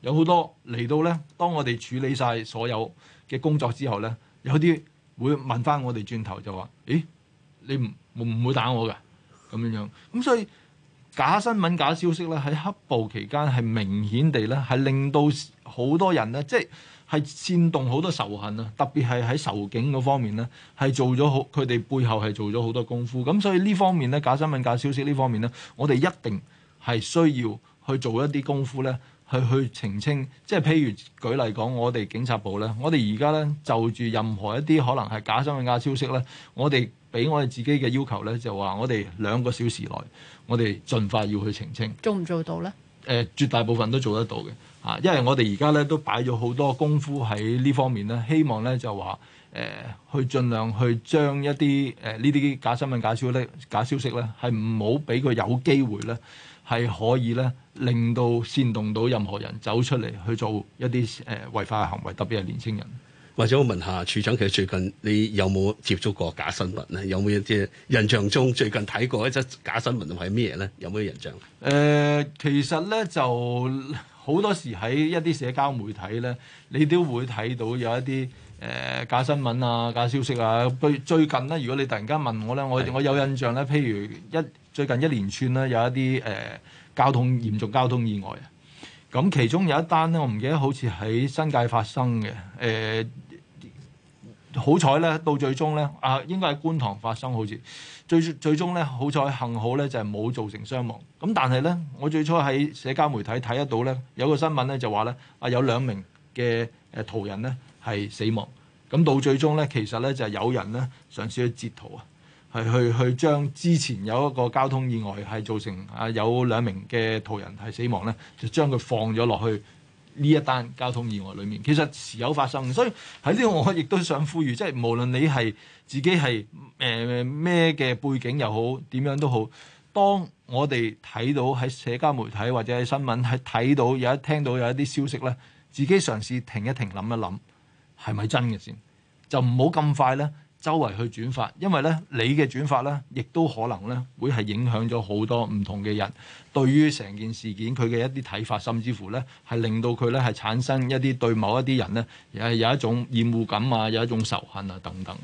有好多嚟到咧，當我哋處理晒所有嘅工作之後咧，有啲會問翻我哋轉頭就話：咦，你唔唔會打我㗎？咁樣樣，咁所以假新聞、假消息咧，喺黑暴期間係明顯地咧，係令到好多人咧，即係係煽動好多仇恨啊！特別係喺仇警嗰方面咧，係做咗好，佢哋背後係做咗好多功夫。咁所以呢方面咧，假新聞、假消息呢方面咧，我哋一定係需要去做一啲功夫咧，去去澄清。即係譬如舉例講，我哋警察部咧，我哋而家咧就住任何一啲可能係假新聞、假消息咧，我哋。俾我哋自己嘅要求咧，就話我哋兩個小時內，我哋盡快要去澄清。做唔做到咧？誒、呃，絕大部分都做得到嘅，嚇！因為我哋而家咧都擺咗好多功夫喺呢方面咧，希望咧就話誒、呃，去盡量去將一啲誒呢啲假新聞、假消息、假消息咧，係唔好俾佢有機會咧，係可以咧令到煽動到任何人走出嚟去做一啲誒、呃、違法嘅行為，特別係年青人。或者我問下處長，其實最近你有冇接觸過假新聞咧？有冇一啲印象中最近睇過一則假新聞係咩嘢咧？有冇印象？誒、呃，其實咧就好多時喺一啲社交媒體咧，你都會睇到有一啲誒、呃、假新聞啊、假消息啊。最最近咧，如果你突然間問我咧，我是我有印象咧，譬如一最近一連串咧有一啲誒、呃、交通嚴重交通意外啊。咁其中有一單咧，我唔記得好似喺新界發生嘅誒。呃。好彩咧，到最終咧，啊，應該喺觀塘發生，好似最最終咧，好彩，幸好咧就係冇造成傷亡。咁但係咧，我最初喺社交媒體睇得到咧，有個新聞咧就話咧，啊有兩名嘅誒途人咧係死亡。咁到最終咧，其實咧就係有人咧嘗試去截圖啊，係去去將之前有一個交通意外係造成啊有兩名嘅途人係死亡咧，就將佢放咗落去。呢一單交通意外裏面，其實時有發生，所以喺呢度，我亦都想呼籲，即係無論你係自己係誒咩嘅背景又好，點樣都好，當我哋睇到喺社交媒體或者喺新聞睇到有一聽到有一啲消息咧，自己嘗試停一停想一想，諗一諗，係咪真嘅先，就唔好咁快咧，周圍去轉發，因為呢你嘅轉發呢，亦都可能呢會係影響咗好多唔同嘅人，對於成件事件，佢嘅一啲睇法，甚至乎呢係令到佢呢係產生一啲對某一啲人呢係有一種厭惡感啊，有一種仇恨啊等等。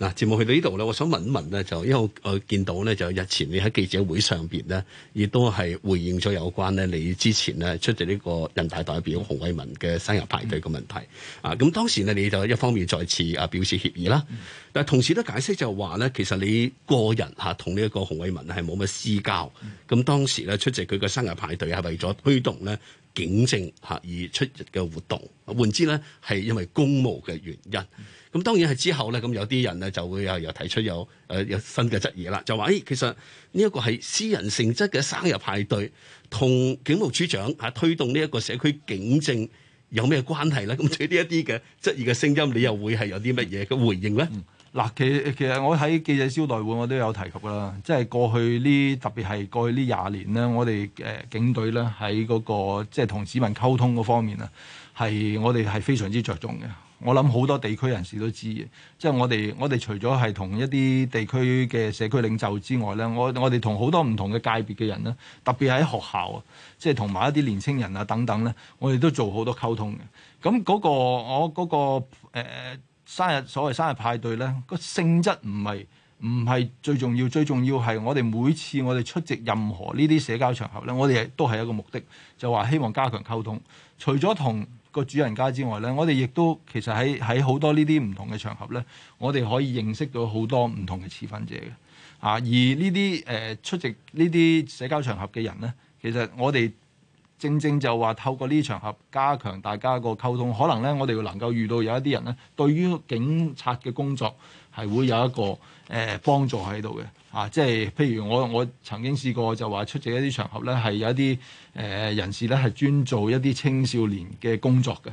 嗱，節目去到呢度咧，我想問一問咧，就因為我、呃、見到咧，就日前你喺記者會上邊咧，亦都係回應咗有關咧，你之前咧出席呢個人大代表洪為民嘅生日派對嘅問題、嗯、啊。咁當時咧，你就一方面再次啊表示歉意啦，嗯、但係同時都解釋就話咧，其實你個人嚇同呢一個洪為民係冇乜私交，咁、嗯、當時咧出席佢嘅生日派對係為咗推動咧警政嚇而出席嘅活動，換之咧係因為公務嘅原因。咁當然係之後咧，咁有啲人咧就會又又提出有誒有新嘅質疑啦，就話誒、哎、其實呢一個係私人性質嘅生日派對，同警務處長吓推動呢一個社區警政有咩關係咧？咁對呢一啲嘅質疑嘅聲音，你又會係有啲乜嘢嘅回應咧？嗱、嗯，其實其實我喺記者招待會我都有提及啦，即、就、係、是、過去呢特別係過去呢廿年咧，我哋誒警隊咧喺嗰個即係同市民溝通嗰方面啊，係我哋係非常之着重嘅。我諗好多地區人士都知嘅，即係我哋我哋除咗係同一啲地區嘅社區領袖之外咧，我我哋同好多唔同嘅界別嘅人咧，特別喺學校啊，即係同埋一啲年青人啊等等咧，我哋都做好多溝通嘅。咁嗰個我嗰個誒生日所謂生日派對咧，個性質唔係唔係最重要，最重要係我哋每次我哋出席任何呢啲社交場合咧，我哋都係一個目的，就話希望加強溝通，除咗同個主人家之外呢，我哋亦都其實喺喺好多呢啲唔同嘅場合呢，我哋可以認識到好多唔同嘅持份者嘅啊。而呢啲誒出席呢啲社交場合嘅人呢，其實我哋正正就話透過呢啲場合加強大家個溝通，可能呢，我哋能夠遇到有一啲人呢對於警察嘅工作。係會有一個誒、呃、幫助喺度嘅，啊，即係譬如我我曾經試過就話出席一啲場合咧，係有一啲誒、呃、人士咧係專做一啲青少年嘅工作嘅。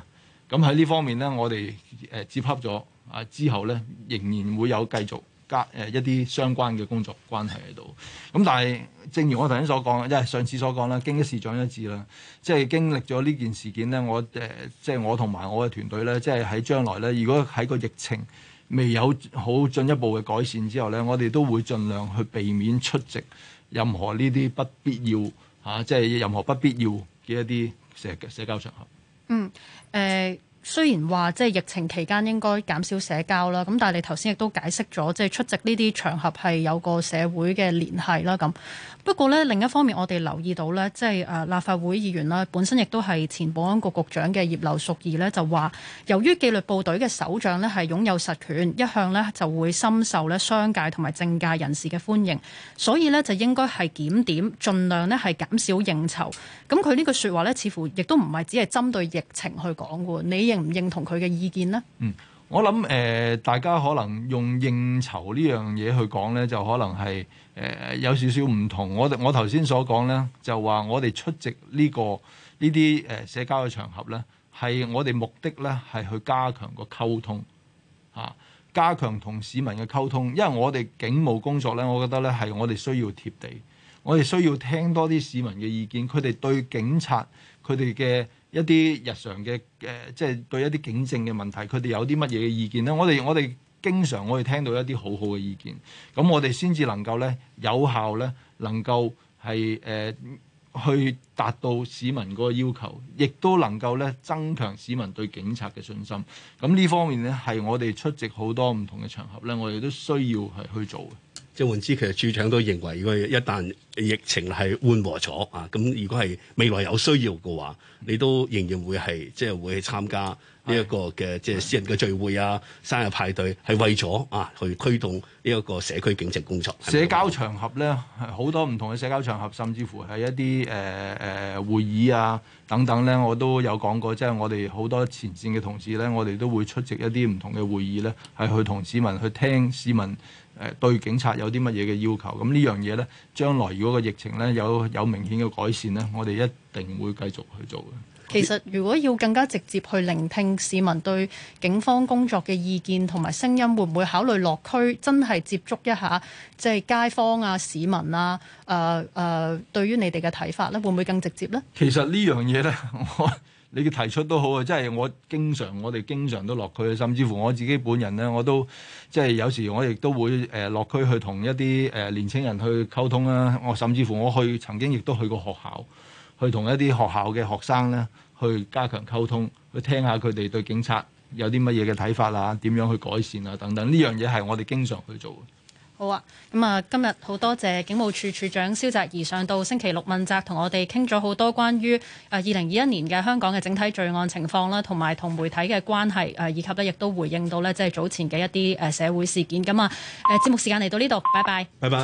咁喺呢方面咧，我哋誒、呃、接洽咗啊，之後咧仍然會有繼續加誒、呃、一啲相關嘅工作關係喺度。咁但係，正如我頭先所講，因為上次所講啦，經一市長一致經一事長一智啦，即係經歷咗呢件事件咧，我誒即係我同埋我嘅團隊咧，即係喺將來咧，如果喺個疫情。未有好進一步嘅改善之後咧，我哋都會盡量去避免出席任何呢啲不必要嚇，即係任何不必要嘅一啲社社交場合。嗯，誒、呃。雖然話即係疫情期間應該減少社交啦，咁但係你頭先亦都解釋咗，即係出席呢啲場合係有個社會嘅聯繫啦。咁不過呢，另一方面，我哋留意到呢，即係誒、呃、立法會議員啦，本身亦都係前保安局局長嘅葉劉淑儀呢，就話由於紀律部隊嘅首長呢係擁有實權，一向呢就會深受呢商界同埋政界人士嘅歡迎，所以呢就應該係檢點，盡量呢係減少應酬。咁佢呢句說話呢，似乎亦都唔係只係針對疫情去講嘅喎，你唔認同佢嘅意見咧？嗯，我諗誒、呃，大家可能用應酬呢樣嘢去講呢就可能係誒、呃、有少少唔同。我我頭先所講呢，就話我哋出席呢、呢個呢啲誒社交嘅場合呢係我哋目的呢係去加強個溝通啊，加強同市民嘅溝通。因為我哋警務工作呢，我覺得呢係我哋需要貼地，我哋需要聽多啲市民嘅意見，佢哋對警察佢哋嘅。一啲日常嘅誒、呃，即係對一啲警政嘅問題，佢哋有啲乜嘢嘅意見咧？我哋我哋經常我哋聽到一啲好好嘅意見，咁我哋先至能夠咧有效咧，能夠係誒、呃、去達到市民嗰個要求，亦都能夠咧增強市民對警察嘅信心。咁呢方面咧，係我哋出席好多唔同嘅場合咧，我哋都需要係去做嘅。即係換之，其實處長都認為，如果一旦疫情係緩和咗啊，咁如果係未來有需要嘅話，你都仍然會係即係會參加呢一個嘅、嗯、即係私人嘅聚會啊、的生日派對，係為咗啊去推動呢一個社區警政工作。社交場合咧，好多唔同嘅社交場合，甚至乎係一啲誒誒會議啊等等咧，我都有講過，即、就、係、是、我哋好多前線嘅同事咧，我哋都會出席一啲唔同嘅會議咧，係去同市民去聽市民。誒對警察有啲乜嘢嘅要求？咁呢樣嘢呢，將來如果個疫情呢，有有明顯嘅改善呢，我哋一定會繼續去做嘅。其實，如果要更加直接去聆聽市民對警方工作嘅意見同埋聲音，會唔會考慮落區真係接觸一下，即係街坊啊、市民啊、誒誒，對於你哋嘅睇法呢，會唔會更直接呢？其實呢樣嘢呢。我。你嘅提出都好啊，即係我經常我哋經常都落區，甚至乎我自己本人咧，我都即係有時我亦都會誒落、呃、區去同一啲誒、呃、年青人去溝通啦。我甚至乎我去曾經亦都去過學校，去同一啲學校嘅學生咧，去加強溝通，去聽下佢哋對警察有啲乜嘢嘅睇法啊，點樣去改善啊等等。呢樣嘢係我哋經常去做。好啊，咁啊，今日好多謝警務處處長蕭澤頤上到星期六問責，同我哋傾咗好多關於誒二零二一年嘅香港嘅整體罪案情況啦，同埋同媒體嘅關係誒，以及呢亦都回應到呢即係早前嘅一啲誒社會事件咁啊。誒、呃、節目時間嚟到呢度，拜拜，拜拜。